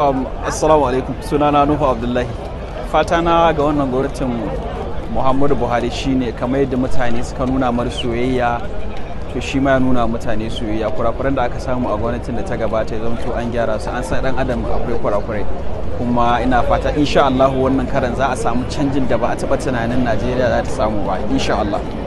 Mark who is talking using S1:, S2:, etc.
S1: um, assalamu alaikum sunana nuhu abdullahi fata na ga wannan gwamnatin muhammadu buhari shine kamar yadda mutane suka nuna mar soyayya to shi ma nuna mutane soyayya kurakuran da aka samu a gwamnatin da ta gabata ya zamto an gyara su an san dan adam akwai kurakurai kuma ina fata insha Allah wannan karan za a samu canjin da ba a taba tunanin Najeriya za ta samu ba insha Allah